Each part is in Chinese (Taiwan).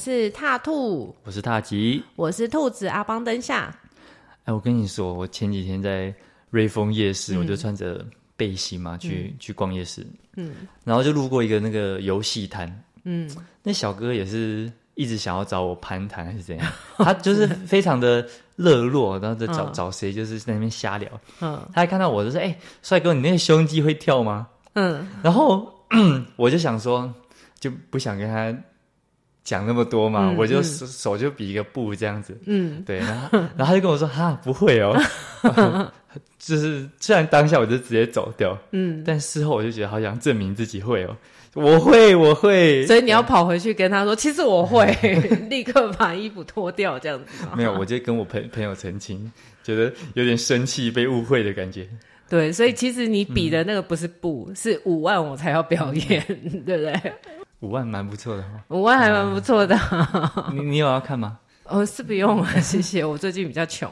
我是獺兔，我是獺吉，我是兔子阿邦嬁夏。哎，我跟你說，我前幾天在瑞豐夜市、嗯，我就穿着背心嘛，去、嗯、去逛夜市。嗯，然後就路過一個那個遊戲攤。嗯，那小哥也是一直想要找我攀談還是怎樣， 他就是非常的熱絡， 然後在找、嗯、找誰，就是在那邊瞎聊。嗯，他還看到我，就說、是：“哎、欸，帥哥，你那個胸肌會跳嗎？”嗯，然後我就想說，就不想跟他。講那麼多嘛、嗯嗯，我就手就比一個布這樣子，嗯，對，然後然後他就跟我說哈、 啊，不會哦， 啊、就是雖然當下我就直接走掉，嗯，但事後我就覺得好想證明自己會哦，我會我會，所以你要跑回去跟他說，其實我會， 立刻把衣服脫掉這樣子， 沒有，我就跟我朋朋友澄清，覺得有點生氣被誤會的感覺，對，所以其實你比的那個不是布、嗯，是五萬我才要表演，嗯、 對不對？五萬蠻不錯的，五萬還蠻不錯的。啊、你你有要看嗎？哦，是不用了，謝謝。 我最近比較窮。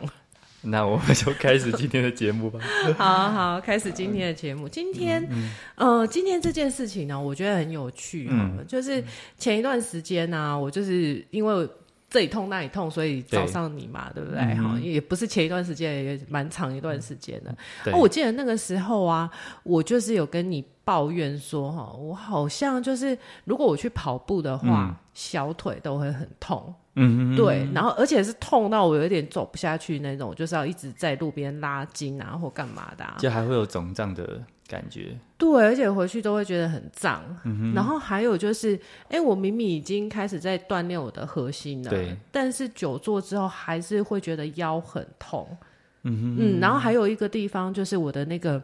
那我們就開始今天的節目吧。 好好，開始今天的節目、嗯。今天、嗯嗯，呃，今天這件事情呢、啊，我覺得很有趣、啊嗯。就是前一段時間呢、啊，我就是因為我。這裡痛那裡痛，所以找上你嘛，對，對不對？哈、嗯嗯，也不是前一段時間，也蠻長一段時間的。哦、嗯啊，我記得那個時候啊，我就是有跟你抱怨說，哈，我好像就是如果我去跑步的話，嗯、小腿都會很痛。 對，然後而且是痛到我有點走不下去那種，就是要一直在路邊拉筋啊或幹嘛的、啊，就還會有腫脹的感覺。對，而且回去都會覺得很脹。 然後還有就是，哎、欸，我明明已經開始在鍛鍊我的核心了，對，但是久坐之後還是會覺得腰很痛。 嗯，然後還有一個地方就是我的那個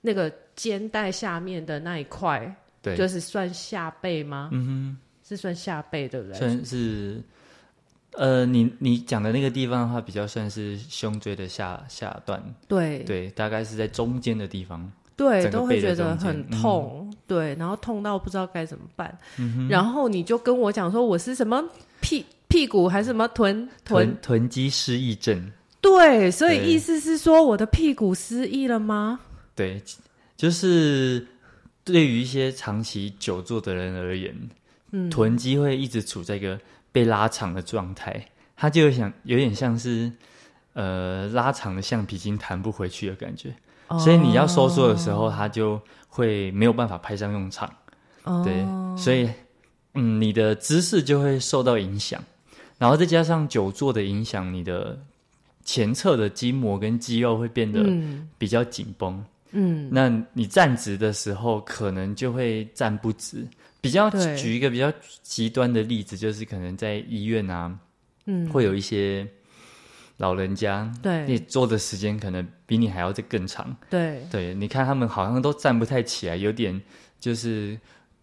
那個肩帶下面的那一塊，對，就是算下背嗎？嗯哼， 是算下背，對不對？算是。呃，你你講的那個地方的話，比較算是胸椎的下下段，對對，大概是在中間的地方，對，都會覺得很痛、嗯，對，然後痛到不知道該怎麼辦、嗯，然後你就跟我講說，我是什麼屁屁股還是什麼臀臀臀肌失憶症？對，所以意思是說我的屁股失憶了嗎？對，就是對於一些長期久坐的人而言，嗯、臀肌會一直處在一個。被拉長的狀態，它就想有點像是，呃，拉長的橡皮筋彈不回去的感覺，哦、所以你要收縮的時候，它就會沒有辦法派上用場、哦，對，所以嗯，你的姿勢就會受到影響，然後再加上久坐的影響，你的前側的筋膜跟肌肉會變得比較緊繃、嗯，嗯，那你站直的時候可能就會站不直。比較舉一個比較極端的例子，就是可能在醫院啊，嗯，會有一些老人家，對，你坐的時間可能比你還要再更長，對，對，你看他們好像都站不太起來，有點就是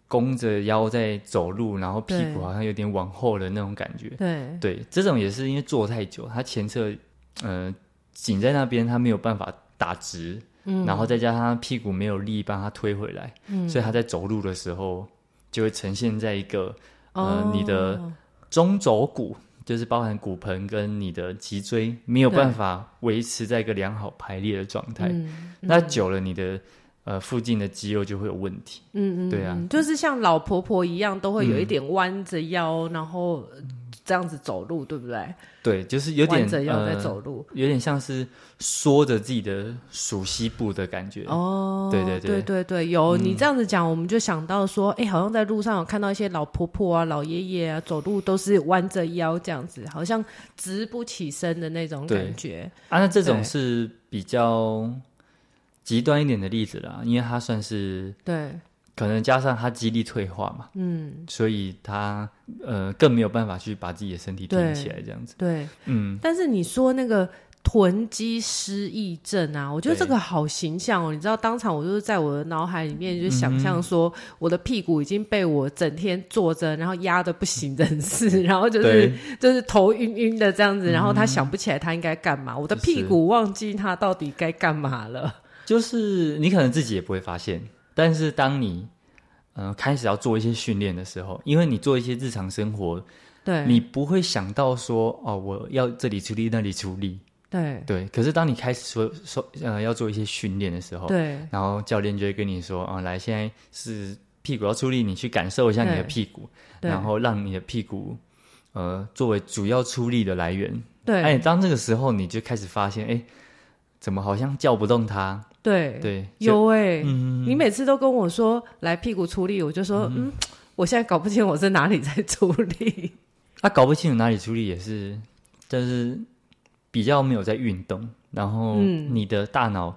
弓着腰在走路，然後屁股好像有點往後的那種感覺，對，對，對這種也是因為坐太久，他前側呃緊在那邊，他沒有辦法打直，嗯，然後再加上他屁股沒有力幫他推回來，嗯，所以他在走路的時候，就會呈現在一個呃，oh. 你的中軸骨，就是包含骨盆跟你的脊椎，沒有辦法維持在一個良好排列的狀態。那久了，你的、嗯、呃附近的肌肉就會有問題。嗯嗯，對啊，就是像老婆婆一樣，都會有一點彎着腰、嗯，然後。這樣子走路對不對？對，就是有點彎着腰在走路，呃，有點像是縮着自己的鼠蹊部的感覺。哦，對對對對對對，有你這樣子講，我們就想到說，哎，欸，好像在路上有看到一些老婆婆啊，老爺爺啊，走路都是彎着腰這樣子，好像直不起身的那種感覺。對啊，那這種是比較極端一點的例子啦，因為它算是對。可能加上他肌力退化嘛，嗯，所以他呃更沒有辦法去把自己的身體撐起來這樣子，對，對，嗯。但是你說那個臀肌失憶症啊，我覺得這個好形象哦。你知道，當場我就是在我的腦海裡面就想象說，我的屁股已經被我整天坐着，然後壓得不行真是，然後就是就是頭暈暈的這樣子，然後他想不起來他應該幹嘛、就是，我的屁股忘記他到底該幹嘛了，就是、就是、你可能自己也不會發現。但是當你，呃，開始要做一些訓練的時候，因為你做一些日常生活，對，你不會想到說哦，我要這裡出力，那裡出力，對，對。可是當你開始說說呃，要做一些訓練的時候，對，然後教練就會跟你說啊，來，呃，現在是屁股要出力，你去感受一下你的屁股，對，然後讓你的屁股，呃，作為主要出力的來源。對，哎，當這個時候你就開始發現，哎，欸，怎麼好像叫不動它？對對，有哎、欸、嗯，你每次都跟我說，來屁股出力，我就說嗯、嗯，我現在搞不清我在哪裡在出力。他、啊、搞不清楚哪裡出力，也是，就是比較沒有在運動，然後你的大腦、嗯。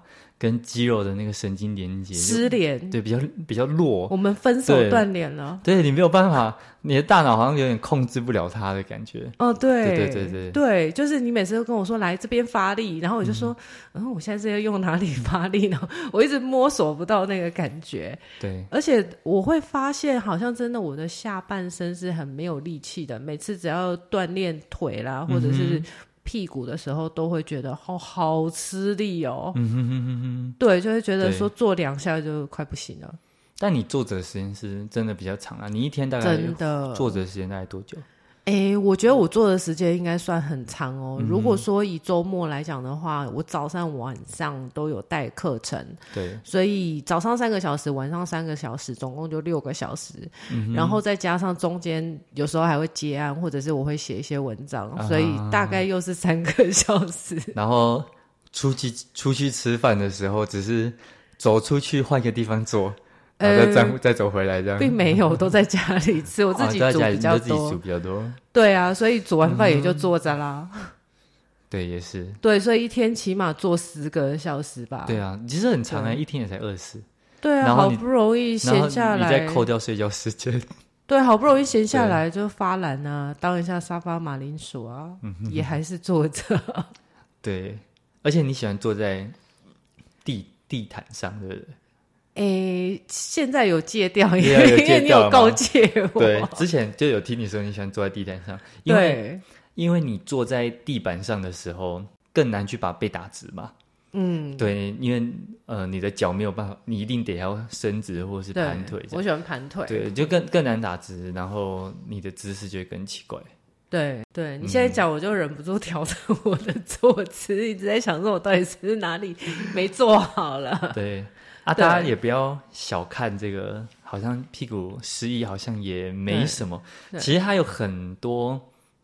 跟肌肉的那個神經連接失聯，對，比較比較弱。我們分手斷聯了，對，對你沒有辦法，你的大腦好像有點控制不了它的感覺。哦對，對對對對，對，就是你每次都跟我說來這邊發力，然後我就說，然後、嗯、嗯、我現在是要用哪裡發力呢？我一直摸索不到那個感覺。對，而且我會發現，好像真的我的下半身是很沒有力氣的，每次只要鍛鍊腿啦，或者是、嗯。屁股的時候都會覺得好、哦、好吃力哦，嗯哼哼哼哼，對，就會覺得說坐兩下就快不行了。但你坐着的時間是真的比較長啊，你一天大概真的坐着的時間大概多久？誒，我覺得我坐的時間應該算很長哦、嗯。如果說以周末來講的話，我早上晚上都有帶課程，對，所以早上三個小時，晚上三個小時，總共就六個小時，嗯、然後再加上中間有時候還會接案，或者是我會寫一些文章，啊、所以大概又是三個小時。然後出去出去吃飯的時候，只是走出去換一個地方坐。哦、再、欸，再走回來這樣，並沒有都在家裡吃，我自己煮比較多。啊，就在家裡你就自己煮比較多。對啊，所以煮完飯也就坐着啦、嗯。對，也是。對，所以一天起碼坐十個小時吧。對啊，其實很長啊，一天也才二十。對啊，好不容易閒下來，你再扣掉睡覺時間。對，好不容易閒下來就發懶啊，當一下沙發馬鈴薯啊、嗯哼，也還是坐着。對，而且你喜歡坐在地地毯上，的誒、欸，現在有戒掉，因為你有告誡我，我。對，之前就有聽你說你喜歡坐在地板上，因為，對，因為你坐在地板上的時候更難去把背打直嘛。嗯，對，因為呃，你的腳沒有辦法，你一定得要伸直或是盤腿。我喜歡盤腿，對，就更更難打直，然後你的姿勢就會更奇怪。對，對，你現在腳我就忍不住調整我的坐姿，一、嗯、一直在想說我到底是哪裡沒做好了。對。啊，大家也不要小看這個，好像屁股失憶好像也沒什麼，其實它有很多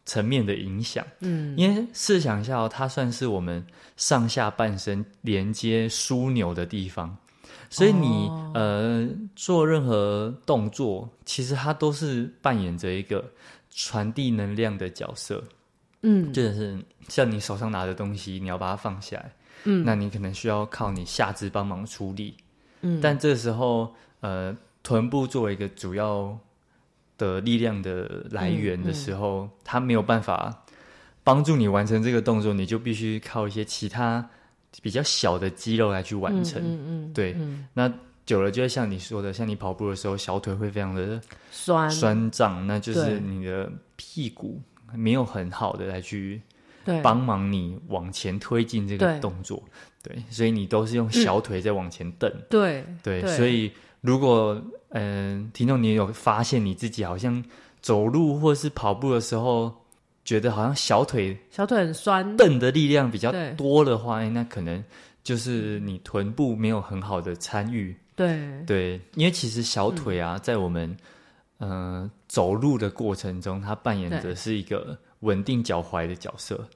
層面的影響。嗯，因為試想一下、哦，它算是我們上下半身連接樞紐的地方，所以你、哦、呃做任何動作，其實它都是扮演着一個傳遞能量的角色。嗯，就是像你手上拿的東西，你要把它放下來，嗯，那你可能需要靠你下肢幫忙處理。嗯，但這時候，呃，臀部作為一個主要的力量的來源的時候，它、嗯嗯、沒有辦法幫助你完成這個動作，你就必須靠一些其他比較小的肌肉來去完成。嗯嗯，嗯，對嗯。那久了就會像你說的，像你跑步的時候，小腿會非常的酸酸脹，那就是你的屁股沒有很好的來去幫忙你往前推進這個動作。對，所以你都是用小腿在往前蹬。嗯、對對，所以如果嗯、呃，聽眾你有發現你自己好像走路或是跑步的時候，覺得好像小腿小腿很酸，蹬的力量比較多的話，欸、那可能就是你臀部沒有很好的參與。對對，因為其實小腿啊，嗯、在我們嗯、呃、走路的過程中，它扮演的是一個穩定腳踝的角色。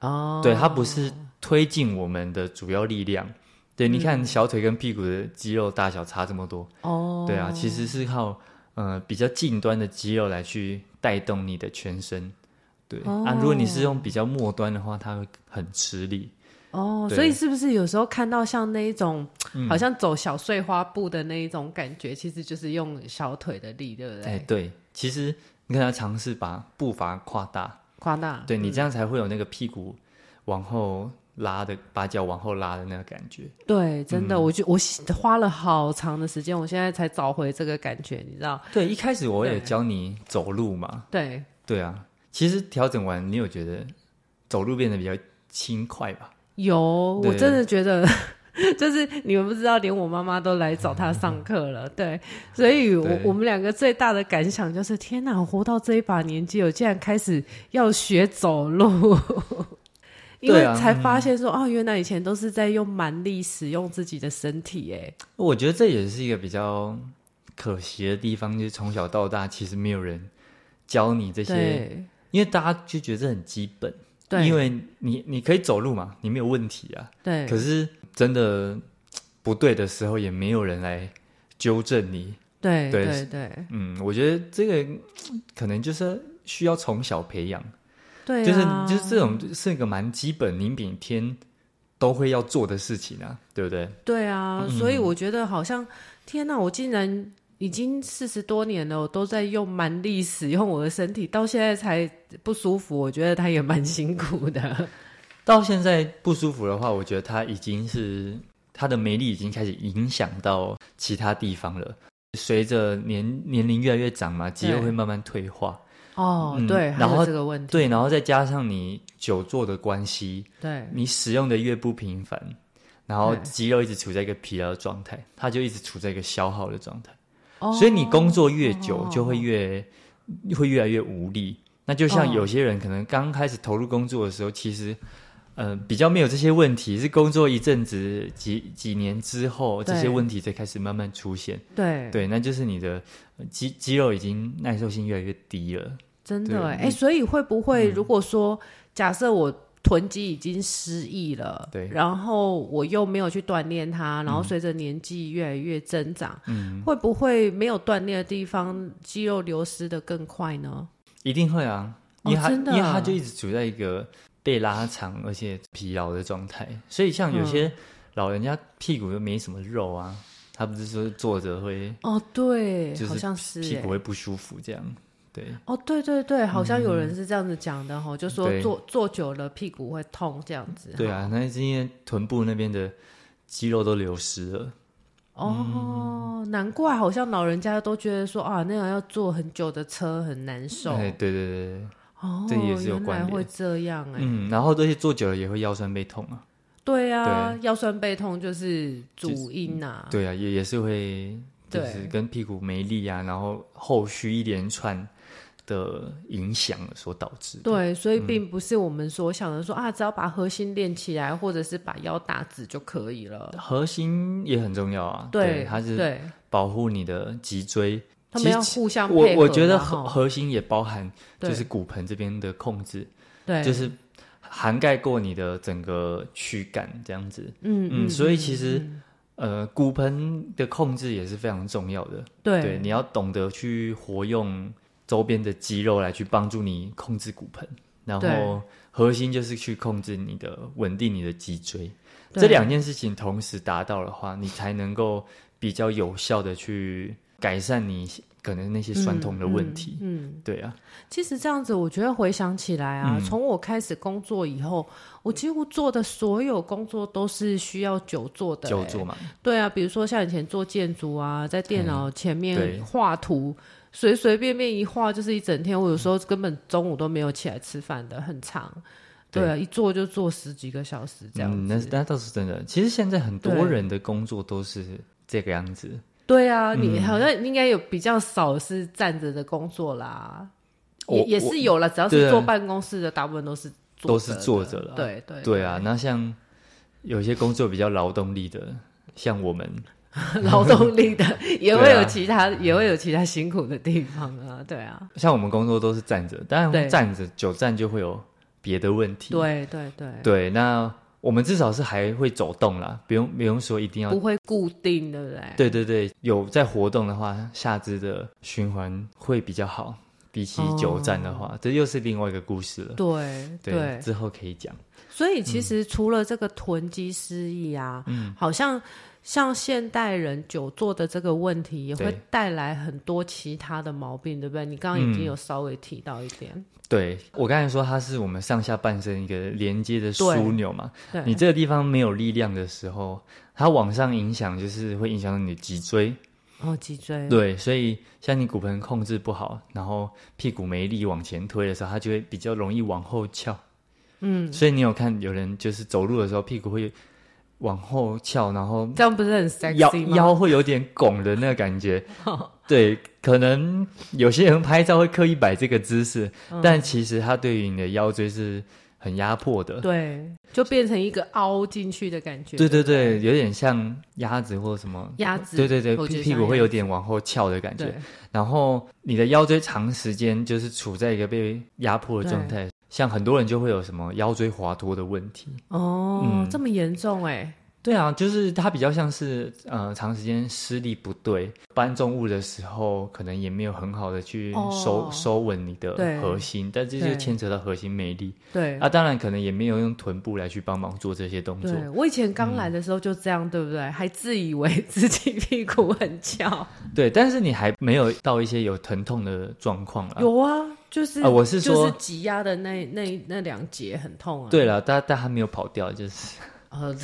哦、oh.，對，它不是推進我們的主要力量。對，你看小腿跟屁股的肌肉大小差這麼多。哦、oh.，對啊，其實是靠嗯、呃、比較近端的肌肉來去帶動你的全身。對、oh. 啊，如果你是用比較末端的話，它會很吃力。哦、oh,，所以是不是有時候看到像那一種，好像走小碎花步的那一種感覺，嗯、其實就是用小腿的力，對不對？哎、欸，對，其實你看他嘗試把步伐擴大。誇大，對，你這樣才會有那個屁股往後拉的，嗯、把腳往後拉的那個感覺。對，真的，嗯、我就我花了好長的時間，我現在才找回這個感覺，你知道？對，一開始我也教你走路嘛。對對啊，其實調整完，你有覺得走路變得比較輕快吧？有，我真的覺得。 就是你們不知道，連我媽媽都來找她上課了。對，所以，我我們兩個最大的感想就是：天哪，我活到這一把年紀，我竟然開始要學走路，因為才發現說，哦，原來以前都是在用蠻力使用自己的身體。哎，我覺得這也是一個比較可惜的地方，就是從小到大，其實沒有人教你這些，因為大家就覺得這很基本，對，因為你你可以走路嘛，你沒有問題啊。對，可是。真的不對的時候，也沒有人來糾正你，對對。對對對，嗯，我覺得這個可能就是需要從小培養。對、啊，就是就是這種是一個蠻基本，你每天都會要做的事情啊，對不對？對啊，嗯、所以我覺得好像天啊，我竟然已經四十多年了，我都在用蠻力使用我的身體，到現在才不舒服，我覺得他也蠻辛苦的。 到現在不舒服的話，我覺得它已經是它的美麗已經開始影響到其他地方了。隨着年年齡越來越長嘛，肌肉會慢慢退化。哦、oh, 嗯，對，然後還是這個問題，對，然後再加上你久坐的關係，對，你使用的越不頻繁，然後肌肉一直處在一個疲勞狀態，它就一直處在一個消耗的狀態。Oh, 所以你工作越久，就會越、oh. 會越來越無力。那就像有些人可能剛開始投入工作的時候，oh. 其實。嗯、呃，比較沒有這些問題，是工作一陣子幾幾年之後，這些問題才開始慢慢出現。對，對，那就是你的肌肌肉已經耐受性越來越低了。真的，哎、欸欸，所以會不會如果說、嗯、假設我臀肌已經失憶了，對，然後我又沒有去鍛鍊它，然後隨着年紀越來越增長，嗯，會不會沒有鍛鍊的地方，肌肉流失的更快呢？一定會啊，因為它、哦、真的？因為他就一直處在一個。被拉長而且疲勞的狀態，所以像有些老人家屁股又沒什麼肉啊，嗯、他不是說坐着會哦對，好像是屁股會不舒服這樣哦對，對哦對對對，好像有人是這樣子講的哈、嗯，就是、說坐坐久了屁股會痛這樣子。對啊，那是因為臀部那邊的肌肉都流失了。哦、嗯，難怪好像老人家都覺得說啊，那樣、個、要坐很久的車很難受。哎，對對對對。哦，這也是有關。原來會這樣哎、欸，嗯，然後這些做久了也會腰酸背痛啊。對啊，對腰酸背痛就是主因吶、啊。對啊，也也是會，就是跟屁股沒力啊，然後後續一連串的影響所導致。對，所以並不是我們所想的說、嗯、啊，只要把核心練起來，或者是把腰打直就可以了。核心也很重要啊，對，對它是對保護你的脊椎。其實我我覺得核核心也包含就是骨盆這邊的控制，對，就是涵蓋過你的整個軀幹這樣子，嗯嗯，所以其實、嗯嗯、呃骨盆的控制也是非常重要的，對，對你要懂得去活用周邊的肌肉來去幫助你控制骨盆，然後核心就是去控制你的穩定你的脊椎，這兩件事情同時達到的話，你才能夠比較有效的去。改善你可能那些痠痛的問題。嗯，嗯嗯對啊。其實這樣子，我覺得回想起來啊，從、嗯、我開始工作以後，我幾乎做的所有工作都是需要久坐的，欸。久坐嘛，對啊。比如說像以前做建築啊，在電腦前面畫、嗯、圖，隨隨便便一畫就是一整天。我有時候根本中午都沒有起來吃飯的，很長。嗯，對啊，一坐就坐十幾個小時這樣子。嗯，那那倒是真的。其實現在很多人的工作都是這個樣子。對啊，你好像應該有比較少是站着的工作啦，嗯、也也是有了，只要是坐辦公室的、啊，大部分都是坐着，都是坐着了。對對對啊，那像有些工作比較勞動力的， 像我們勞動力的 也會有其他、啊、也會有其他辛苦的地方啊。對啊，像我們工作都是站着，但是站着久站就會有別的問題。對對對對，那。我們至少是還會走動啦，不用不用說一定要不會固定的嘞。對對對，有在活動的話，下肢的循環會比較好，比起久站的話，哦、這又是另外一個故事了。對對、對，之後可以講。所以其實除了這個臀肌失憶啊，嗯，好像。像現代人久坐的這個問題，也會帶來很多其他的毛病。對，對不對？你剛剛已經有稍微提到一點。嗯。對，我剛才說它是我們上下半身一個連接的樞紐嘛。對。對。你這個地方沒有力量的時候，它往上影響就是會影響到你的脊椎。哦，脊椎。對，所以像你骨盆控制不好，然後屁股沒力往前推的時候，它就會比較容易往後翹。嗯。所以你有看有人就是走路的時候，屁股會。往後翹，然後腰這樣不是很 sexy 嗎？腰會有點拱的那個感覺， 對，可能有些人拍照會刻意擺這個姿勢，嗯，但其實它對於你的腰椎是很壓迫的，對，就變成一個凹進去的感覺對對對。對對對，有點像鴨子或什麼鴨子，對對對，屁股會有點往後翹的感覺，然後你的腰椎長時間就是處在一個被壓迫的狀態。像很多人就會有什麼腰椎滑脫的問題哦、嗯，這麼嚴重哎？對啊，就是它比較像是呃，長時間施力不對，搬重物的時候，可能也沒有很好的去收、哦、收穩你的核心，但這就牽扯到核心沒力。對啊，當然可能也沒有用臀部來去幫忙做這些動作。對我以前剛來的時候就這樣，對、嗯、不對？還自以為自己屁股很翹。對，但是你還沒有到一些有疼痛的狀況了。有啊。就是、啊，我是說，就是脊椎的那那那兩節很痛啊。對了，但但還沒有跑掉，就是。呃、哦、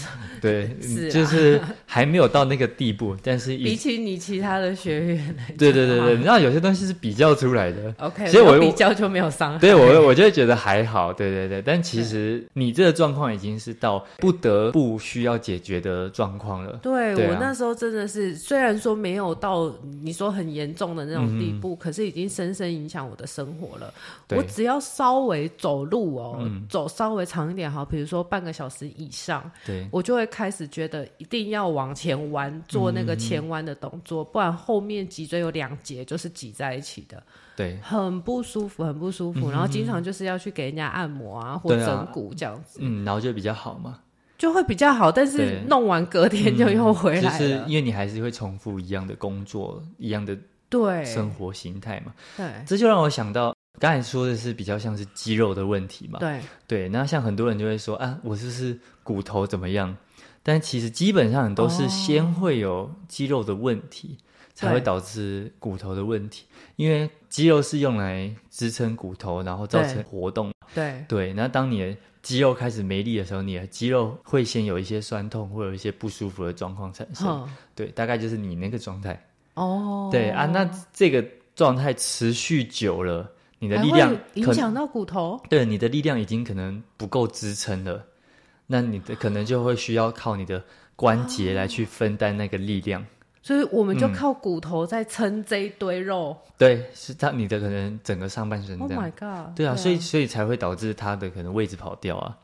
對，是、啊，就是還沒有到那個地步，但是比起你其他的學員來講，對對對對，你知道有些東西是比較出來的、嗯、，OK，所以我比較就沒有傷害，所以我我就覺得還好，對對對，但其實你這個狀況已經是到不得不需要解決的狀況了。對，對、啊、我那時候真的是，雖然說沒有到你說很嚴重的那種地步嗯嗯，可是已經深深影響我的生活了。我只要稍微走路哦，嗯、走稍微長一點，好，比如說半個小時以上。對，我就會開始覺得一定要往前彎，做那個前彎的動作、嗯，不然後面脊椎有兩節就是擠在一起的，對，很不舒服，很不舒服。嗯、哼哼然後經常就是要去給人家按摩啊，或整骨這樣子，啊，嗯，然後就比較好嘛，就會比較好，但是弄完隔天就又回來了、嗯，就是因為你還是會重複一樣的工作，一樣的對生活形態嘛對，對，這就讓我想到。剛才說的是比較像是肌肉的問題嘛？對對，那像很多人就會說啊，我是不是骨頭怎麼樣？但其實基本上都是先會有肌肉的問題、哦，才會導致骨頭的問題。因為肌肉是用來支撐骨頭，然後造成活動。對對，對，那當你的肌肉開始沒力的時候，你的肌肉會先有一些酸痛，或有一些不舒服的狀況產生。對，大概就是你那個狀態。哦，對啊，那這個狀態持續久了。你的力量影響到骨頭，對，你的力量已經可能不夠支撐了，那你的可能就會需要靠你的關節來去分擔那個力量，啊、所以我們就靠骨頭在撐這一堆肉，嗯、對，是他你的可能整個上半身。Oh my god！對啊，對啊，所以所以才會導致他的可能位置跑掉啊。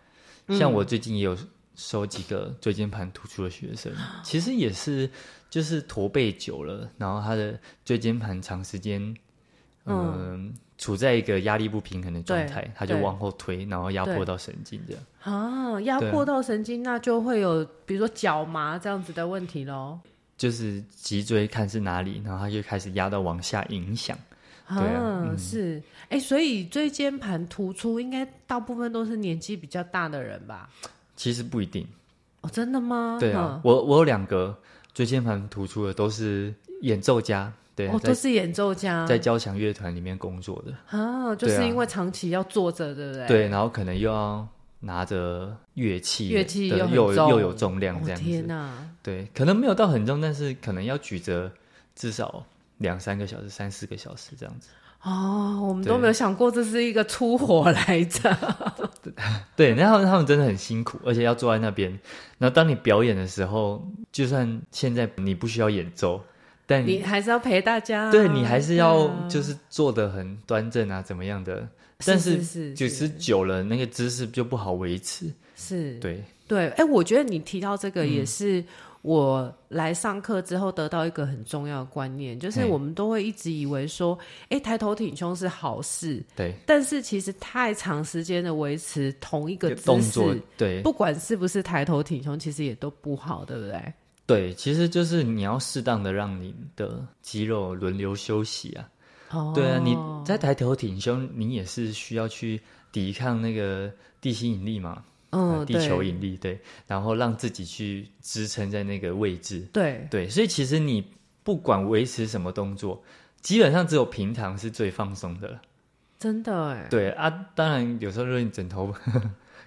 像我最近也有收幾個椎間盤突出的學生、嗯，其實也是就是駝背久了，然後他的椎間盤長時間。嗯，嗯，處在一個壓力不平衡的狀態，他就往後推，然後壓迫到神經這樣。啊，壓迫到神經、啊，那就會有比如說腳麻這樣子的問題嘍。就是脊椎看是哪裡，然後他就開始壓到往下影響、啊。對啊，嗯、是哎、欸，所以椎間盤突出應該大部分都是年紀比較大的人吧？其實不一定哦，真的嗎？對啊，嗯、我我有兩個椎間盤突出的都是演奏家。嗯哦，都是演奏家，在交響樂團裡面工作的啊，就是因為長期要坐着，對不對？對，然後可能又要拿着樂器，樂器又又，又有重量，這樣子。哦、天吶、啊，對，可能沒有到很重，但是可能要舉着至少兩三個小時、三四個小時這樣子。哦，我們都沒有想過這是一個粗活來着。對，然 後他們真的很辛苦，而且要坐在那邊。那當你表演的時候，就算現在你不需要演奏。但你，你還是要陪大家、啊，對，你還是要就是坐的很端正啊，怎麼樣的？是是是是，但是就是久了，那個姿勢就不好維持。是對對，哎、欸，我覺得你提到這個也是我來上課之後得到一個很重要的觀念，嗯、就是我們都會一直以為說，哎、欸欸，抬頭挺胸是好事，對。但是其實太長時間的維持同一個姿勢，對，不管是不是抬頭挺胸，其實也都不好，對不對？對，其實就是你要適當的讓你的肌肉輪流休息啊。Oh. 對啊，你在抬頭挺胸，你也是需要去抵抗那個地心引力嘛。嗯、oh, 呃。地球引力對，對，然後讓自己去支撐在那個位置。對。對，所以其實你不管維持什麼動作，基本上只有平躺是最放鬆的了。真的哎。對啊，當然有時候如果你枕頭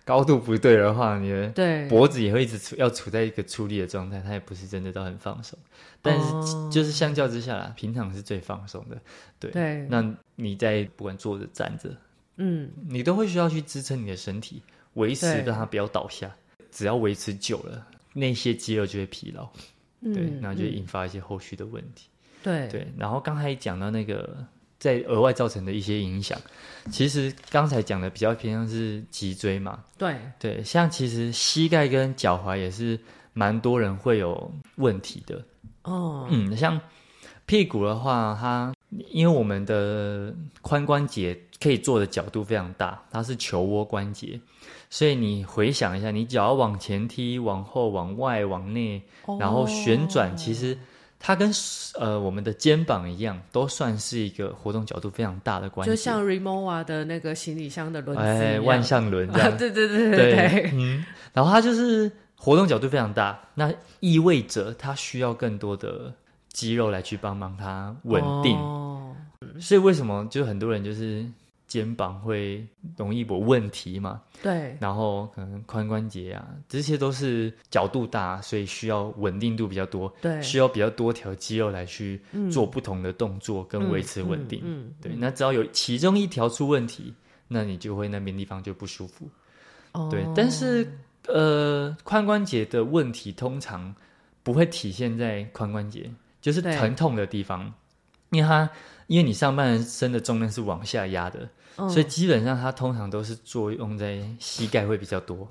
高度不對的話，你的脖子也會一直處要處在一個出力的狀態，它也不是真的都很放鬆。但是、哦、就是相較之下啦，平常是最放鬆的。對。對，那你在不管坐着站着，嗯，你都會需要去支撐你的身體，維持讓它不要倒下。只要維持久了，那些肌肉就會疲勞，嗯嗯對，那就引發一些後續的問題。對對，對，然後剛才講到那個。在額外造成的一些影響，其實剛才講的比較偏向是脊椎嘛。對對，像其實膝蓋跟腳踝也是蠻多人會有問題的哦。嗯，像屁股的話，它因為我們的髖關節可以做的角度非常大，它是球窩關節，所以你回想一下，你腳要往前踢、往後、往外、往內，然後旋轉，哦、其實。它跟呃，我們的肩膀一樣，都算是一個活動角度非常大的關節，就像 Rimowa 的那個行李箱的輪子，哎，哎，萬向輪這樣啊。對對對對對，嗯，然後它就是活動角度非常大，那意味着它需要更多的肌肉來去幫忙它穩定。哦。所以為什麼就很多人就是。肩膀會容易有問題嘛？對，然後可能髖關節啊，這些都是角度大，所以需要穩定度比較多，對，需要比較多條肌肉來去做不同的動作跟維持穩定。嗯嗯嗯嗯、對，那只要有其中一條出問題，那你就會那邊地方就不舒服。哦、對，但是呃，髖關節的問題通常不會體現在髖關節，就是疼痛的地方，因為它因為你上半身的重量是往下壓的。嗯、所以基本上，它通常都是作用在膝蓋會比較多。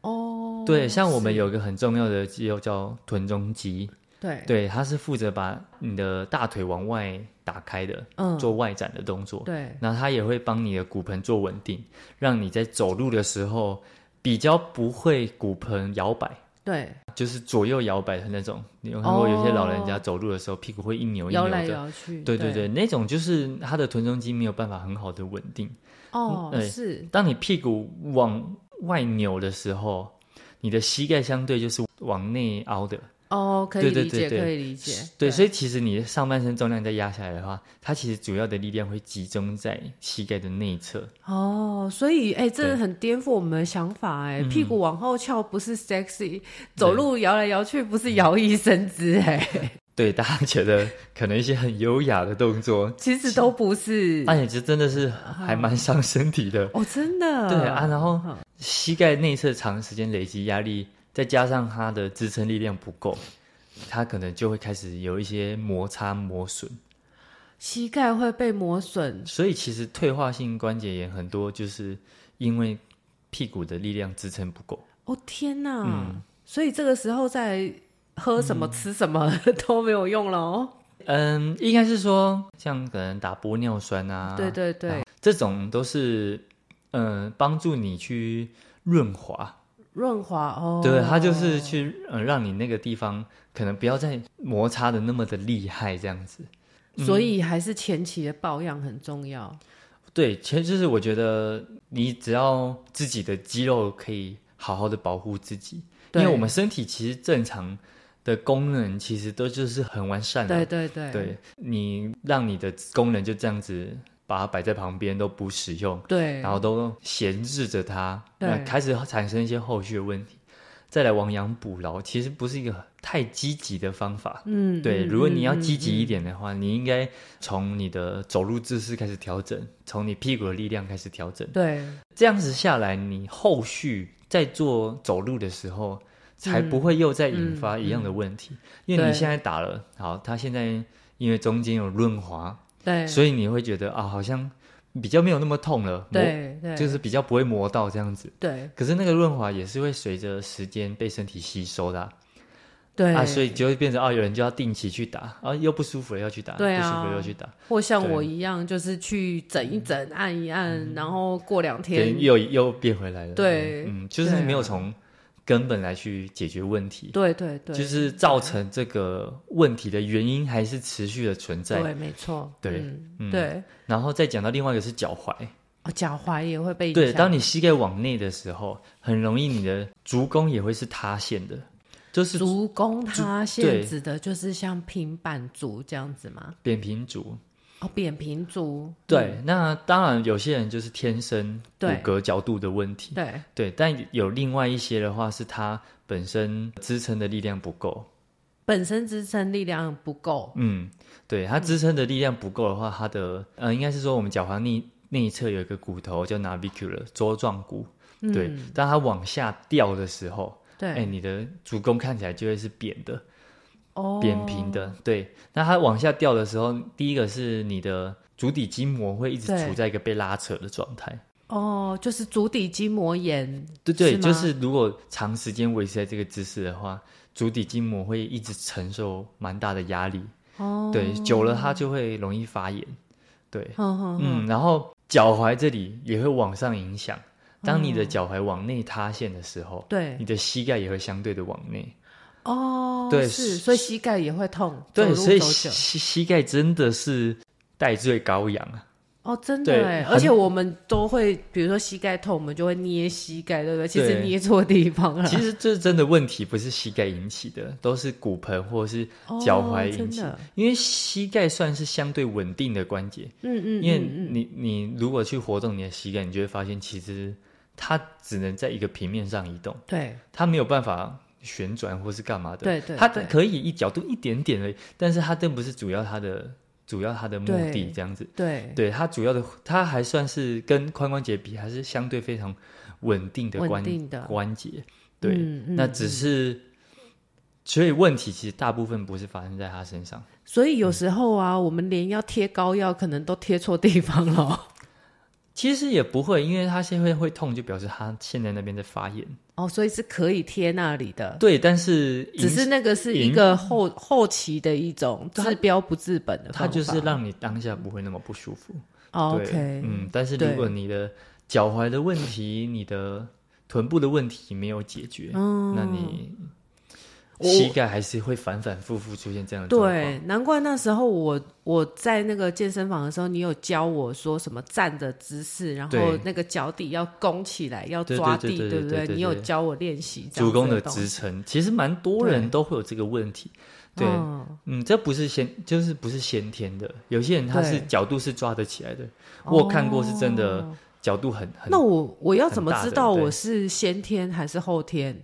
哦，對，像我們有一個很重要的肌肉叫臀中肌，對，對，它是負責把你的大腿往外打開的，嗯，做外展的動作。對，然後它也會幫你的骨盆做穩定，讓你在走路的時候比較不會骨盆搖擺。對，就是左右搖擺的那種。你如果有些老人家走路的時候，oh, 屁股會一扭一扭的，搖來搖去。對對對，對，那種就是他的臀中肌沒有辦法很好的穩定。哦、oh, 嗯，是。當你屁股往外扭的時候，你的膝蓋相對就是往內凹的。哦，可以理解對對對對，可以理解。對，對，所以其實你的上半身重量再壓下來的話，它其實主要的力量會集中在膝蓋的內側。哦，所以哎，這真的很顛覆我們的想法哎！屁股往後翹不是 sexy，、嗯、走路搖來搖去不是搖曳生姿哎、嗯 。對，大家覺得可能一些很優雅的動作， 其實都不是。而且這真的是還蠻傷身體的。啊、哦，真的。對啊，然後膝蓋內側長時間累積壓力。再加上它的支撐力量不夠，它可能就會開始有一些摩擦磨損，膝蓋會被磨損。所以其實退化性關節炎很多就是因為屁股的力量支撐不夠。哦天哪、啊！嗯，所以這個時候再喝什麼、嗯、吃什麼都沒有用了。哦。嗯，應該是說像可能打玻尿酸啊，對對對，啊、這種都是嗯幫助你去潤滑。潤滑哦，oh, 對，它就是去呃讓你那個地方可能不要再摩擦的那麼的厲害這樣子，所以還是前期的保養很重要。嗯、對，其實就是我覺得你只要自己的肌肉可以好好的保護自己，對，因為我們身體其實正常的功能其實都就是很完善的，啊，對對對，對你讓你的功能就這樣子。把它擺在旁邊都不使用，對，然後都閒置着它，對，開始產生一些後續的問題，再來亡羊補牢，其實不是一個太積極的方法，嗯，對。如果你要積極一點的話，嗯、你應該從你的走路姿勢開始調整，、嗯從你的走路姿勢開始調整，從你屁股的力量開始調整，對，這樣子下來，你後續在做走路的時候，才、嗯、不會又再引發一樣的問題，嗯嗯、因為你現在打了好，它現在因為中間有潤滑。對，所以你會覺得啊、哦，好像比較沒有那麼痛了。對，對，就是比較不會磨到這樣子。對，可是那個潤滑也是會隨着時間被身體吸收的、啊，對啊，所以就會變成哦，有人就要定期去打，啊，又不舒服了要去打，對啊，不舒服了要去打，或像我一樣，就是去整一整、嗯、按一按，然後過兩天又又變回來了，對，嗯，就是沒有從。根本來去解決問題，對對對，就是造成這個問題的原因還是持續的存在，對，對沒錯，對、嗯嗯、對。然後再講到另外一個是腳踝，哦、腳踝也會被。對，當你膝蓋往內的時候，很容易你的足弓也會是塌陷的，就是足弓塌陷指的就是像平板足這樣子嗎？扁平足。哦，扁平足。對，那、啊、當然有些人就是天生骨骼角度的問題。對，對，但有另外一些的話，是他本身支撐的力量不夠。本身支撐力量不夠。嗯，對，他支撐的力量不夠的話，嗯、他的呃，應該是說我們腳踝內內側有一個骨頭叫 navicular，舟狀骨、嗯。對，當他往下掉的時候，對，哎、欸，你的足弓看起來就會是扁的。Oh, 扁平的，對。那它往下掉的時候，第一個是你的足底筋膜會一直處在一個被拉扯的狀態。哦，就是足底筋膜炎。對對對，就是如果長時間維持在這個姿勢的話，足底筋膜會一直承受蠻大的壓力。哦。對，久了它就會容易發炎。對，Oh. 嗯，然後腳踝這裡也會往上影響。當你的腳踝往內塌陷的時候，對，Oh. 你的膝蓋也會相對的往內。哦、oh，對，是，所以膝蓋也會痛。對，所以膝膝蓋真的是代罪羔羊啊。哦、oh，真的對，而且我們都會，比如說膝蓋痛，我們就會捏膝蓋，對不對？對，其實捏錯地方了。其實這真的問題不是膝蓋引起的，都是骨盆或者是腳踝引起的。Oh, 真的。因為膝蓋算是相對穩定的關節。嗯嗯，嗯嗯。因為你你如果去活動你的膝蓋，你就會發現其實它只能在一個平面上移動。對。它沒有辦法。旋轉或是幹嘛的？對，對對，他可以一角度一點點的，但是他並不是主要，他的主要，他的目的這樣子。對對，對，他主要的，他還算是跟髖關節比，還是相對非常穩定的關穩定的關節。對、嗯嗯，那只是，所以問題其實大部分不是發生在他身上。所以有時候啊，嗯、我們連要貼膏藥可能都貼錯地方了，哦。其實也不會，因為他現在會痛，就表示他現在那邊在發炎。哦，所以是可以貼那裡的，對，但是只是那個是一個後後期的一種治標不治本的方法，它就是讓你當下不會那麼不舒服。OK，嗯，嗯，但是如果你，你的腳踝的問題、你的臀部的問題沒有解決，嗯、那你。膝蓋還是會反反复覆出現這樣的狀況。對，難怪那時候我我在那個健身房的時候，你有教我說什麼站的姿勢，然後那個腳底要弓起來，要抓地，對不對？你有教我練習。足弓的支撐，其實蠻多人都會有這個問題。對，對哦、嗯，這不是先就是不是先天的，有些人他是角度是抓得起來的，我看過是真的角度很、哦、很。那我我要怎麼知道我是先天還是後天？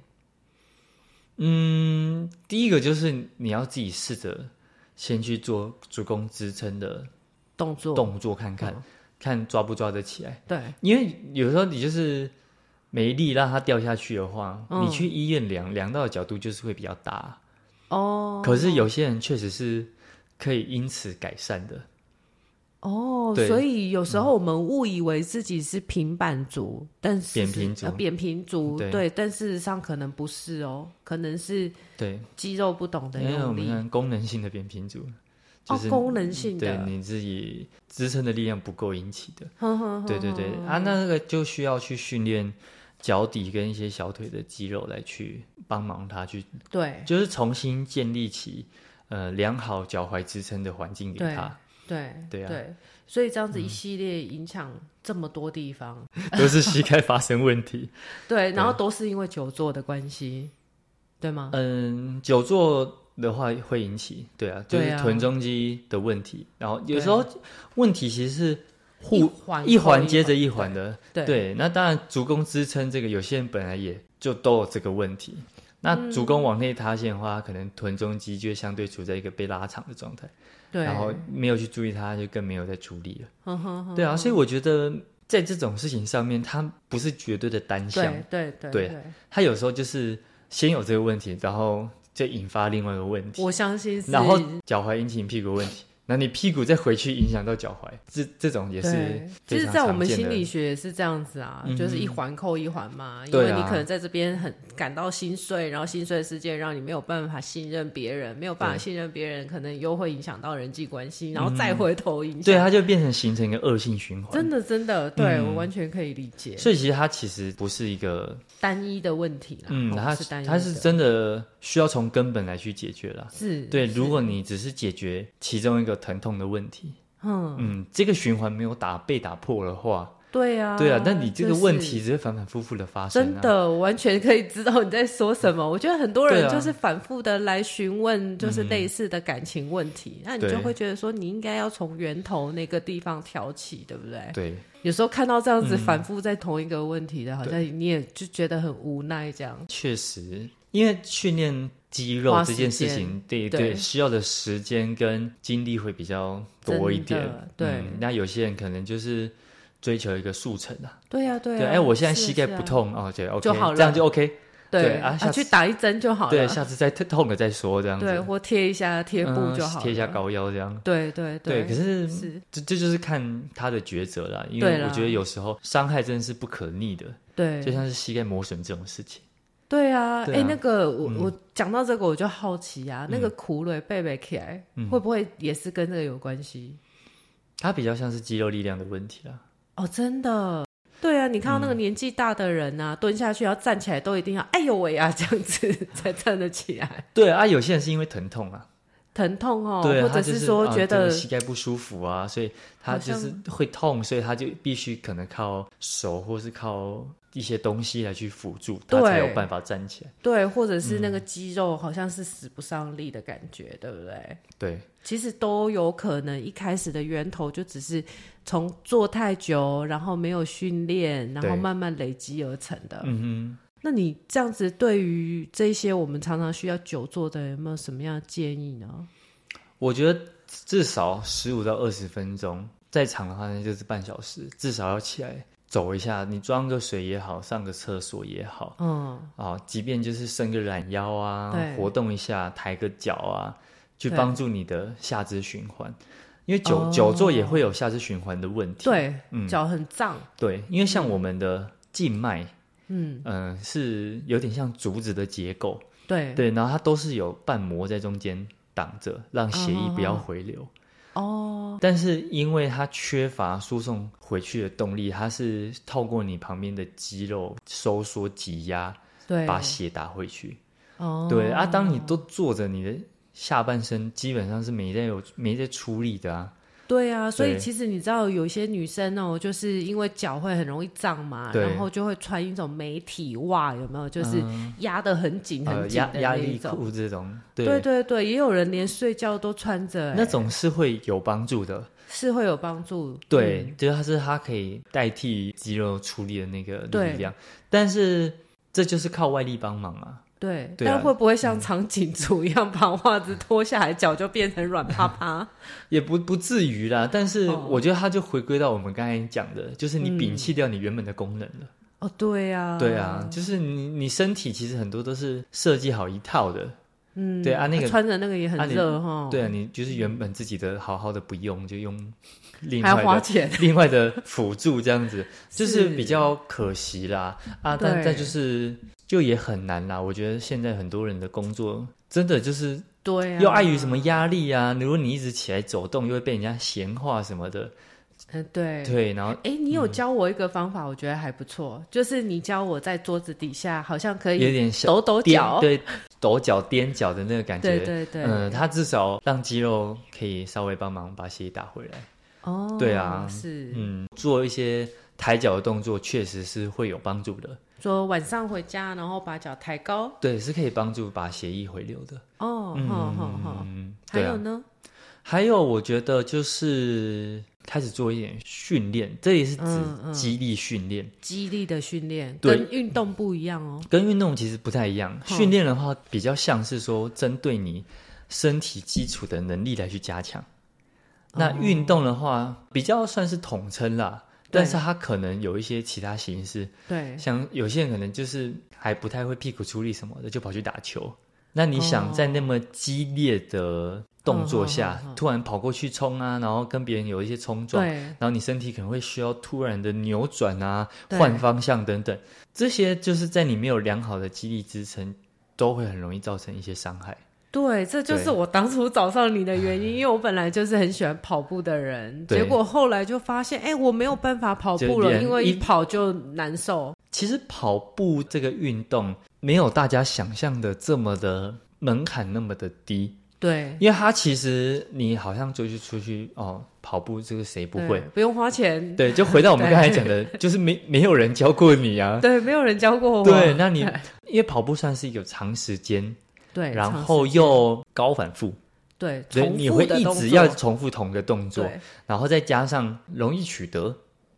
嗯，第一個就是你要自己試着先去做足弓支撐的動作，動作看看作、嗯，看抓不抓得起來。對，因為有時候你就是沒力讓它掉下去的話，嗯、你去醫院量量到的角度就是會比較大。哦，可是有些人確實是可以因此改善的。哦、oh，所以有時候我們誤以為自己是平板足，嗯，但是扁平足，扁平足，呃、對，對，但事實上可能不是哦，可能是對肌肉不懂得用力，因為我們看功能性的扁平足，就是，哦，功能性的，對，你自己支撐的力量不夠引起的，呵呵呵呵，對對對，啊，那那個就需要去訓練腳底跟一些小腿的肌肉來去幫忙它去，對，就是重新建立起呃良好腳踝支撐的環境給他。對對、啊、對，所以這樣子一系列影響這麼多地方，嗯、都是膝蓋發生問題 對。對，然後都是因為久坐的關係，對嗎？嗯，久坐的話會引起，對啊，就是臀中肌的問題、啊。然後有時候問題其實是互、啊、一環一環接着一環的，對。對對，那當然，足弓支撐這個，有些人本來也就都有這個問題。嗯、那足弓往內塌陷的話，可能臀中肌就會相對處在一個被拉長的狀態。對，然後沒有去注意它，就更沒有再處理了。呵呵呵。對啊，所以我覺得在這種事情上面，它不是絕對的單向。對對對，對，啊，對，它有時候就是先有這個問題，然後就引發另外一個問題。我相信是。然後腳踝引起你屁股問題。 那你屁股再回去影響到腳踝，這這種也是常常，就是在我們心理學也是這樣子啊，嗯嗯，就是一環扣一環嘛、對啊。因為你可能在這邊很感到心碎，然後心碎事件讓你沒有辦法信任別人，沒有辦法信任別人，可能又會影響到人際關係、嗯，然後再回頭影響。對，它就變成形成一個惡性循環。真的，真的，對、嗯、我完全可以理解。所以其實它其實不是一個單一的問題啦，嗯，是單一它是它是真的需要從根本來去解決了。是對是，如果你只是解決其中一個疼痛的問題，嗯嗯，這個循環沒有打被打破的話，對啊，對啊，那你這個問題、就是、只是反反復復的發生、啊，真的完全可以知道你在說什麼。嗯、我覺得很多人就是反復的來詢問，就是類似的感情問題，啊、那你就會覺得說你應該要從源頭那個地方挑起對，對不對？對，有時候看到這樣子反復在同一個問題的，好像你也就覺得很無奈，這樣確實，因為訓練。肌肉這件事情，對對、對，需要的時間跟精力會比較多一點。對、嗯，那有些人可能就是追求一個速成啊。對呀、啊，對、啊。對，哎，我現在膝蓋不痛、啊、哦，對 okay, 就 OK，這樣就 OK。對、對啊，下次啊，去打一針就好了。對，下次再痛了再說這樣子。對，或貼一下貼布就好了、嗯，貼一下膏藥這樣。對對對，對可是這這就、就、就是看他的抉擇了。因為對啦我覺得有時候傷害真的是不可逆的。對，就像是膝蓋磨損這種事情。對啊，哎、啊欸，那個、嗯、我我講到這個，我就好奇啊，嗯、那個苦累背背起來、嗯、會不會也是跟這個有關係？它比較像是肌肉力量的問題啦、啊。哦，真的，對啊，你看到那個年紀大的人啊、嗯，蹲下去要站起來都一定要哎呦喂啊這樣子才站得起來。 對啊，有些人是因為疼痛啊。疼痛哦，對，或者是說覺得、就是呃、膝蓋不舒服啊，所以他就是會痛，所以他就必須可能靠手或是靠一些東西來去輔助，對他才有辦法站起來。對，或者是那個肌肉好像是使不上力的感覺、嗯，對不對？對，其實都有可能，一開始的源頭就只是從坐太久，然後沒有訓練，然後慢慢累積而成的。嗯哼。那你這樣子對於這些我們常常需要久坐的，有沒有什麼樣的建議呢？我覺得至少十五到二十分鐘，再長的話呢，就是半小時，至少要起來走一下。你裝個水也好，上個廁所也好，嗯，啊，即便就是伸個懶腰啊，活動一下，抬個腳啊，去幫助你的下肢循環，因為久、哦、久坐也會有下肢循環的問題。對，腳、嗯、很脹。對，因為像我們的靜脈。嗯嗯嗯、呃，是有點像竹子的結構，對對，然後它都是有瓣膜在中間擋着，讓血液不要回流。哦、oh, oh,，oh, oh. oh. 但是因為它缺乏輸送回去的動力，它是透過你旁邊的肌肉收縮擠壓，對，把血打回去。哦、oh.，對啊，當你都坐着，你的下半身、oh. 基本上是沒在有沒在出力的啊。對啊，所以其實你知道，有些女生哦，就是因為腳會很容易脹嘛，然後就會穿一種美體襪，有沒有？就是壓得很緊很緊、呃、壓力褲這種對，對對對，也有人連睡覺都穿着、欸。那種是會有幫助的，是會有幫助。對，嗯、就是它是它可以代替肌肉處理的那個力量，但是這就是靠外力幫忙啊。對，對、啊，但會不會像長頸族一樣，把襪子脫下來，腳 就變成軟趴趴？也不不至於啦。但是我覺得它就回歸到我們剛才講的、哦，就是你摒棄掉你原本的功能了。嗯、哦，對呀、啊，對啊，就是你你身體其實很多都是設計好一套的。嗯，對啊、那個、啊，那個穿着那個也很熱哈、啊嗯。對啊，你就是原本自己的好好的不用，就用另外，還要花錢，另外的輔助，這樣子 是就是比較可惜啦。啊，但再就是。就也很難啦，我覺得現在很多人的工作真的就是對，又礙於什麼壓力啊，啊。如果你一直起來走動，又會被人家閒話什麼的。嗯，對對，然後哎、欸，你有教我一個方法，嗯、我覺得還不錯，就是你教我在桌子底下，好像可以抖抖，有點抖抖腳，對，抖腳踮腳的那個感覺，對對對，嗯，它至少讓肌肉可以稍微幫忙把血打回來。哦，對啊，是，嗯，做一些抬腳的動作，確實是會有幫助的。說晚上回家，然後把腳抬高，對，是可以幫助把血液回流的。哦、oh, 嗯，好好好，還有呢？還有，我覺得就是開始做一點訓練，這也是指肌力訓練，嗯嗯、肌力的訓練跟運動不一樣哦。跟運動其實不太一樣，oh. 訓練的話比較像是說針對你身體基礎的能力來去加強。Oh. 那運動的話，比較算是統稱啦。但是他可能有一些其他形式，對，像有些人可能就是還不太會屁股出力什麼的，就跑去打球。那你想在那麼激烈的動作下，oh, oh, oh, oh, oh. 突然跑過去衝啊，然後跟別人有一些衝撞，然後你身體可能會需要突然的扭轉啊、換方向等等，這些就是在你沒有良好的肌力支撐，都會很容易造成一些傷害。對，這就是我當初找上你的原因，因為我本來就是很喜歡跑步的人，結果後來就發現，哎、欸，我沒有辦法跑步了跑，因為一跑就難受。其實跑步這個運動沒有大家想象的這麼的門檻那麼的低，對，因為它其實你好像出去出去、哦、就是出去哦跑步，這個誰不會？不用花錢？對，就回到我們剛才講的， 就是沒沒有人教過你啊？對，沒有人教過我。對，那你 因為跑步算是一個長時間。對，然後又高反複，對，重複的動作，所以你會一直要重複同一個動作，然後再加上容易取得，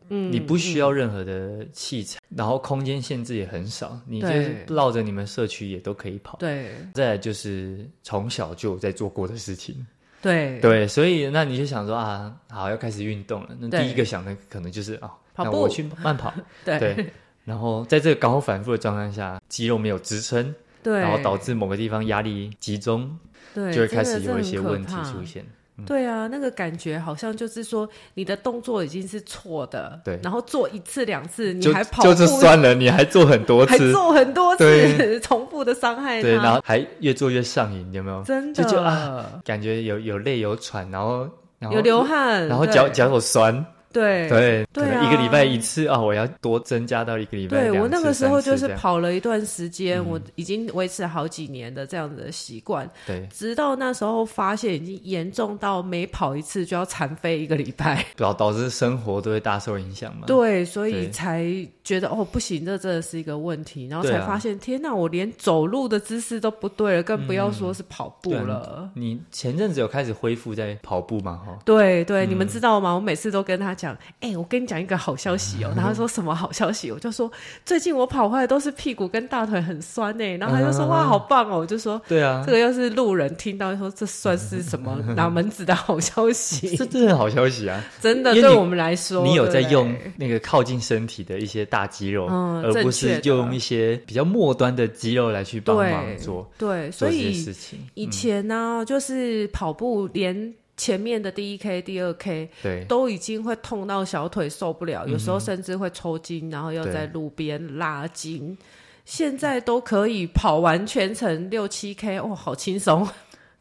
嗯，你不需要任何的器材，嗯、然後空間限制也很少，你就繞着你們社區也都可以跑。對，再來就是從小就在做過的事情，對對，所以那你就想說啊，好，要開始運動了，那第一個想的可能就是啊、哦，那我去慢跑，跑步。 對，對，然後在這個高反複的狀態下，肌肉沒有支撐。對，然後導致某個地方壓力集中，對就會開始有一些問題出現，嗯。對啊，那個感覺好像就是說你的動作已經是錯的，對，然後做一次兩次，你還跑就，就是酸了，你還做很多次，還做很多次，重複的傷害。對，然後還越做越上癮，有沒有？真的，就就啊，感覺有有累有喘，然後然後有流汗，嗯、然後腳腳有酸。對對對，對一個禮拜一次啊、哦！我要多增加到一個禮拜。對、兩次我那個時候就是跑了一段時間、嗯，我已經維持了好幾年的這樣子的習慣。對，直到那時候發現已經嚴重到每跑一次就要殘廢一個禮拜，導導致生活都會大受影響嘛。對，所以才覺得哦，不行，這真的是一個問題。然後才發現，啊、天哪，我連走路的姿勢都不對了，更不要說是跑步了。嗯、你前陣子有開始恢復在跑步嗎？哈，對對、嗯，你們知道嗎？我每次都跟他。講，哎、欸，我跟你講一個好消息哦。然後說什麼好消息？呵呵我就說最近我跑壞的都是屁股跟大腿很酸呢。然後他就說、嗯、啊啊啊哇，好棒哦。我就說對啊，這個要是路人聽到說，說這算是什麼哪門子的好消息？呵呵呵 這真是好消息啊！真的，對我們來說，你有在用那個靠近身體的一些大肌肉，嗯、而不是就用一些比較末端的肌肉來去幫忙做對,對。所以以前呢、啊嗯，就是跑步連。前面的第一 K、第二 K，對，都已經會痛到小腿受不了，有時候甚至會抽筋，然後要在路邊拉筋。現在都可以跑完全程六七 K，哦，好輕鬆。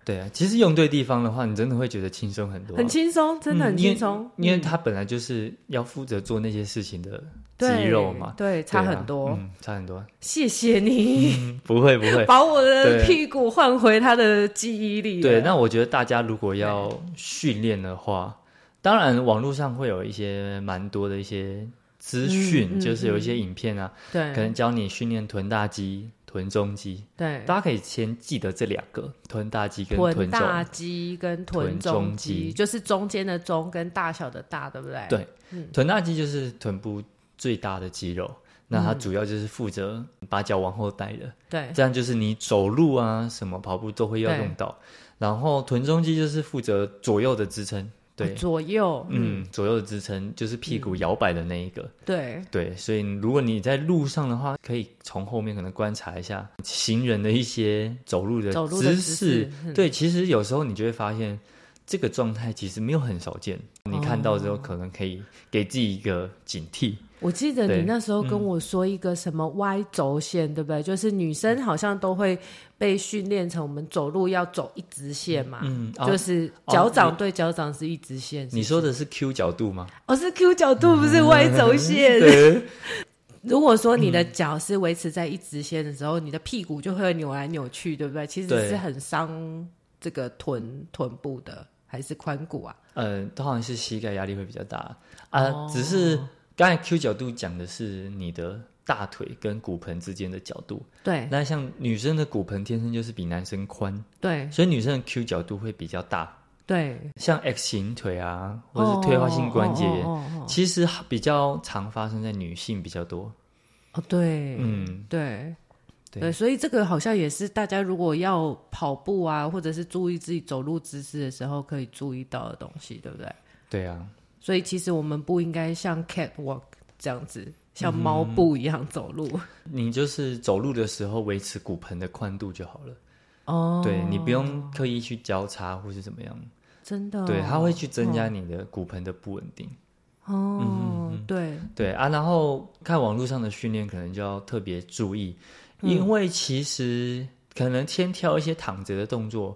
對啊，其實用對地方的話，你真的會覺得輕鬆很多、啊。很輕鬆，真的很輕鬆、嗯嗯，因為他本來就是要負責做那些事情的肌肉嘛，對，對差很多、啊嗯，差很多。謝謝你，嗯、不會不會， 把我的屁股換回他的記憶力對。對，那我覺得大家如果要訓練的話，當然網絡上會有一些蠻多的一些資訊、嗯，就是有一些影片啊，可能教你訓練臀大肌。臀中肌，對，大家可以先記得這兩個，臀大肌跟臀，臀大肌跟臀中肌，中肌就是中間的中跟大小的大，對不對？對、嗯，臀大肌就是臀部最大的肌肉，那它主要就是負責把腳往後帶的，對、嗯，這樣就是你走路啊什麼跑步都會要用到，然後臀中肌就是負責左右的支撐。對，左右，嗯，左右的支撐就是屁股搖擺的那一個。嗯、對對，所以如果你在路上的話，可以從後面可能觀察一下行人的一些走路的姿勢。對、嗯，其實有時候你就會發現，這個狀態其實沒有很少見。嗯、你看到之後，可能可以給自己一個警惕。哦哦我記得你那時候跟我說一個什麼 Y 軸線，對、嗯，對不對？就是女生好像都會被訓練成我們走路要走一直線嘛，嗯，嗯哦、就是腳掌對腳掌是一直線。哦、是一直線。你說的是 Q 角度嗎？哦，是 Q 角度，不是 Y 軸線。嗯、 如果說你的腳是維持在一直線的時候、嗯，你的屁股就會扭來扭去，對不對？其實是很傷這個臀臀部的，還是髖骨啊？嗯、呃，都好像是膝蓋壓力會比較大啊、哦，只是。剛才 Q 角度講的是你的大腿跟骨盆之間的角度，對。那像女生的骨盆天生就是比男生寬，對。所以女生的 Q 角度會比較大，對。像 X 型腿啊，或者是退化性關節炎，哦哦哦哦哦哦哦，其實比較常發生在女性比較多，哦、對，嗯對，對，對。所以這個好像也是大家如果要跑步啊，或者是注意自己走路姿勢的時候，可以注意到的東西，對不對？對啊。所以其實我們不應該像 cat walk 這樣子，像貓步一樣走路，嗯。你就是走路的時候維持骨盆的寬度就好了。哦，對，你不用刻意去交叉或是怎麼樣。真的、哦？對，它會去增加你的骨盆的不穩定。哦，嗯、哼哼哼哼對對啊，然後看網絡上的訓練可能就要特別注意，嗯，因為其實可能先挑一些躺着的動作。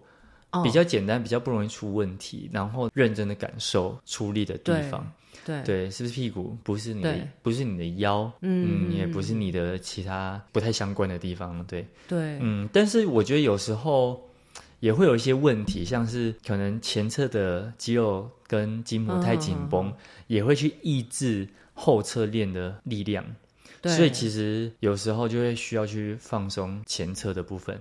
比較簡單、哦，比較不容易出問題。然後認真的感受出力的地方，對，對對是不是屁股？不是你，不是你的腰嗯，嗯，也不是你的其他不太相關的地方對，對，嗯。但是我覺得有時候也會有一些問題，像是可能前側的肌肉跟筋膜太緊繃、嗯，也會去抑制後側鏈的力量對，所以其實有時候就會需要去放鬆前側的部分。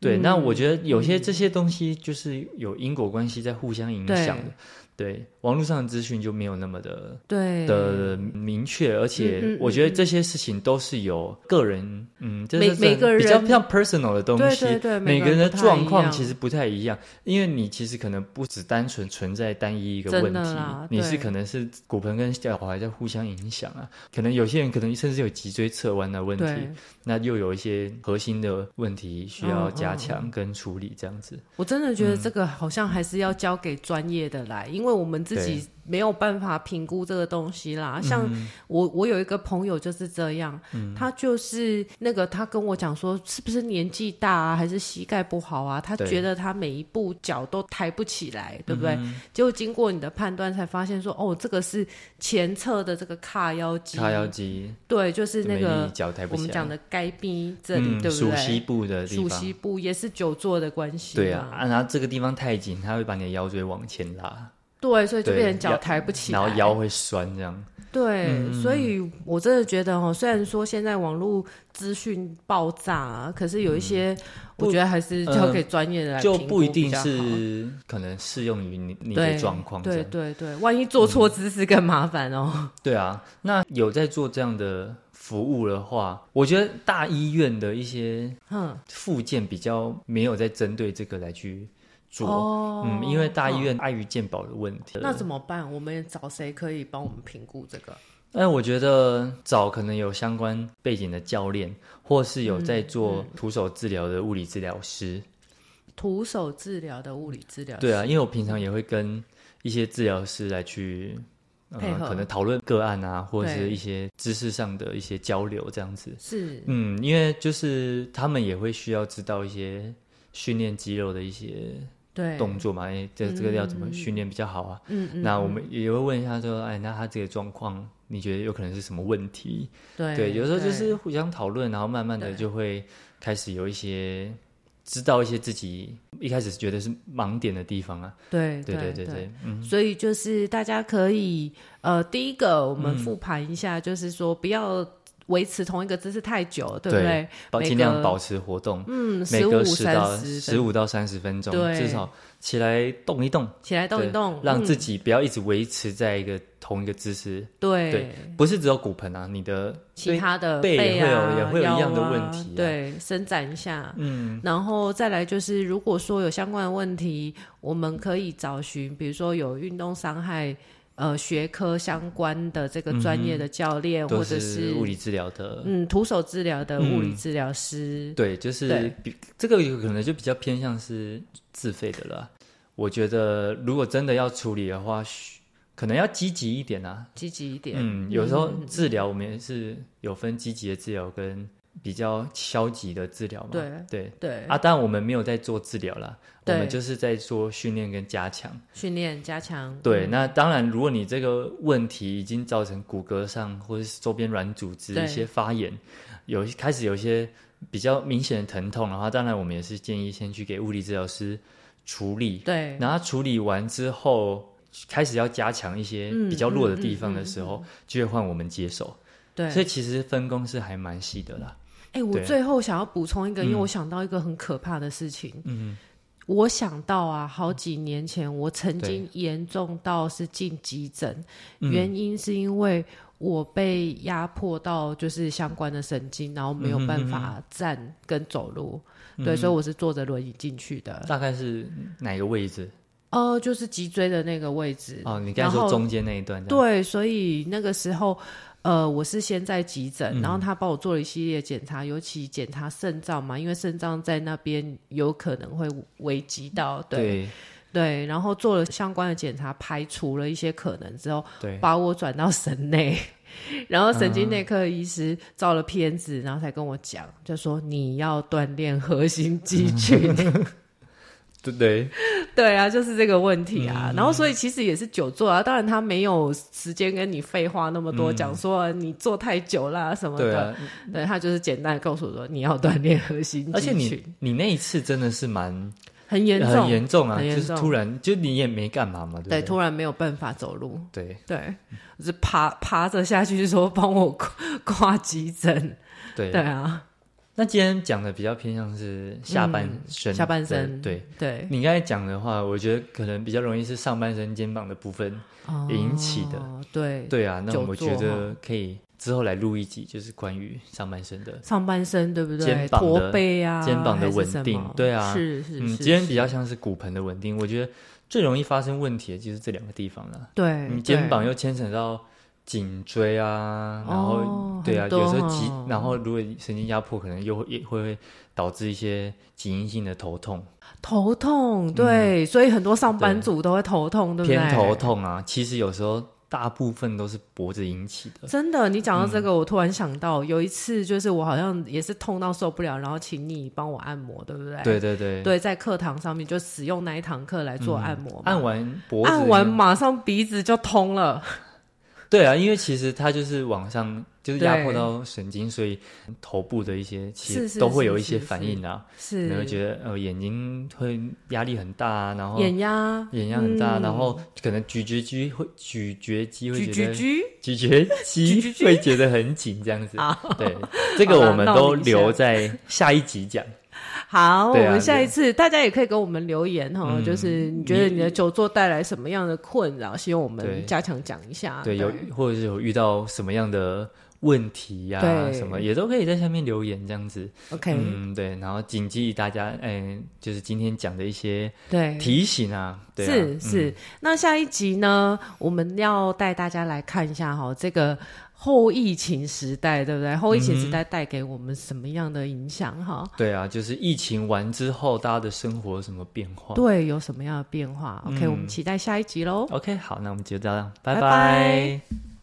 對，那我覺得有些這些東西就是有因果關係在互相影響的，嗯、對。對網絡上的資訊就沒有那麼的對的明確，而且我覺得這些事情都是有個人，嗯，嗯，嗯，每每個人比較 personal 的東西，對對對，每個，每個人的狀況其實不太一樣，因為你其實可能不只單純存在單一一個問題，你是可能是骨盆跟腳踝在互相影響啊，可能有些人可能甚至有脊椎側彎的問題，那又有一些核心的問題需要加強跟處理這樣子。Oh, oh.、嗯。我真的覺得這個好像還是要交給專業的來，因為我們之自己沒有辦法評估這個東西啦，像我，嗯、我有一個朋友就是這樣，嗯、他就是那個，他跟我講說，是不是年紀大啊，還是膝蓋不好啊？他覺得他每一步腳都抬不起來，對，對不對？結、嗯、果經過你的判斷，才發現說，哦，這個是前側的這個髂腰肌，髂腰肌，對，就是那個我們講的該、B、這裡、嗯，對不對？鼠蹊部的地方，鼠蹊部也是久坐的關係，對啊，啊，然後這個地方太緊，他會把你的腰椎往前拉。對，所以就變成腳抬不起來，然後腰會酸這樣。對，嗯、所以我真的覺得哦、喔，雖然說現在網絡資訊爆炸、啊，可是有一些我覺得還是交給專業的來、呃，就不一定是可能適用於你，你的狀況。對對對，對，萬一做錯姿勢更麻煩哦、喔嗯。對啊，那有在做這樣的服務的話，我覺得大醫院的一些附件比較沒有在針對這個來去。哦，嗯，因為大醫院礙於健保的問題、哦，那怎麼辦？我們找誰可以幫我們評估這個？哎、嗯，我覺得找可能有相關背景的教練，或是有在做徒手治療的物理治療師。徒手治療的物理治療師。對啊，因為我平常也會跟一些治療師來去，嗯、呃，可能討論個案啊，或者是一些知識上的一些交流，這樣子是嗯，因為就是他們也會需要知道一些訓練肌肉的一些。對動作嘛，因為，這這個要怎麼訓練比較好啊？嗯嗯，嗯，那我們也會問一下，說，哎，那他這個狀況，你覺得有可能是什麼問題？對對，有時候就是互相討論，然後慢慢的就會開始有一些知道一些自己一開始覺得是盲點的地方啊。對對對對對，對，對，對，對對對，所以就是大家可以，呃，第一個我們復盤一下，就是說不要，維持同一個姿勢太久，對不對？盡量保持活動。嗯，15, 30，每隔十到十五到三十分鐘，至少起來動一動，起來動一動，讓自己不要一直維持在一個同一個姿勢，嗯。對，不是只有骨盆啊，你的其他的背也會有，啊、也會有一樣的問題，啊啊。對，伸展一下。嗯，然後再來就是，如果說有相關的問題，我們可以找尋，比如說有運動傷害。呃，學科相關的這個專業的教練，嗯，或者是物理治療的，嗯，徒手治療的物理治療師，嗯，對，就是比這個有可能就比較偏向是自費的了。我覺得如果真的要處理的話，可能要積極一點啊，積極一點。嗯，有時候治療我們也是有分積極的治療跟。比較消極的治療嘛，對對對啊！當然我們沒有在做治療了，我們就是在做訓練跟加強訓練加強。對、嗯，那當然，如果你這個問題已經造成骨骼上或者周邊軟組織一些發炎，有開始有一些比較明顯的疼痛的話，當然我們也是建議先去給物理治療師處理。對，然後處理完之後，開始要加強一些比較弱的地方的時候，嗯嗯嗯嗯、就會換我們接手。對，所以其實分工是還蠻細的啦。嗯哎、欸，我最後想要補充一個、嗯，因為我想到一個很可怕的事情。嗯，我想到啊，好幾年前我曾經嚴重到是進急診、嗯，原因是因為我被壓迫到就是相關的神經，然後沒有辦法站跟走路。嗯嗯嗯、對，所以我是坐着輪椅進去的，嗯。大概是哪個位置？哦、呃，就是脊椎的那個位置。哦，你剛才說中間那一段。對，所以那個時候。呃，我是先在急診，嗯、然後他幫我做了一系列的檢查，尤其檢查腎臟嘛，因為腎臟在那邊有可能會危及到。對對、對，然後做了相關的檢查，排除了一些可能之後，把我轉到神內，然後神經內科醫師照了片子，嗯、然後才跟我講，就說你要鍛鍊核心肌群。嗯 對，對，對啊，就是這個問題啊。嗯、然後，所以其實也是久坐啊。當然，他沒有時間跟你廢話那麼多，嗯、講說你坐太久啦、啊、什麼的對、啊嗯。對，他就是簡單告訴我說你要鍛煉核心。而且你，你那一次真的是蠻很嚴重，呃、很嚴重啊很嚴重！就是突然，就你也沒幹嘛嘛。對，對，對，突然沒有辦法走路。對對，是爬爬着下去就說幫我掛，掛急診對對啊。那今天講的比較偏向是下半身的，嗯，下半身，對對。你剛才講的話，我覺得可能比較容易是上半身肩膀的部分引起的，哦，對對啊。那我覺得可以之後來錄一集，就是關於上半身的、的。上半身對不對？肩膀的、肩膀的穩定，對啊，是是。嗯是是是，今天比較像是骨盆的穩定，我覺得最容易發生問題的就是這兩個地方了。對，你肩膀又牽扯到。頸椎啊，然後、哦、對啊，有時候然後如果神經壓迫、嗯，可能又會也會導致一些頸源性的頭痛。頭痛，對、嗯，所以很多上班族都會頭痛對，對不對？偏頭痛啊，其實有時候大部分都是脖子引起的。真的，你講到這個、嗯，我突然想到，有一次就是我好像也是痛到受不了，然後請你幫我按摩，對不對？對對對，對，在課堂上面就使用那一堂課來做按摩、嗯。按完脖子，按完馬上鼻子就通了。對啊，因為其實它就是往上，就是壓迫到神經，所以頭部的一些其實都會有一些反應啊，是、是、是、是、是你會覺得呃眼睛會壓力很大啊，然後眼壓眼壓很大，嗯、然後可能咀嚼肌會咀嚼肌會覺得、GGG? 咀嚼肌會覺得很緊這樣子， 對 這個我們都留在下一集講。 好、啊，我們下一次大家也可以給我們留言哈、嗯，就是你覺得你的久坐帶來什麼樣的困擾，希望我們加強講一下，對對有或者是有遇到什麼樣的問題呀、啊，什麼也都可以在下面留言這樣子。OK，嗯，對，然後謹記大家，哎、欸，就是今天講的一些提醒啊，對對啊是是、嗯。那下一集呢，我們要帶大家來看一下哈，這個。後疫情時代，對不對？後疫情時代帶給我們什麼樣的影響？嗯、哈，對啊，就是疫情完之後，大家的生活有什麼變化？對，有什麼樣的變化？OK，、嗯、我們期待下一集嘍。OK，好，那我們就這樣，拜拜。拜拜。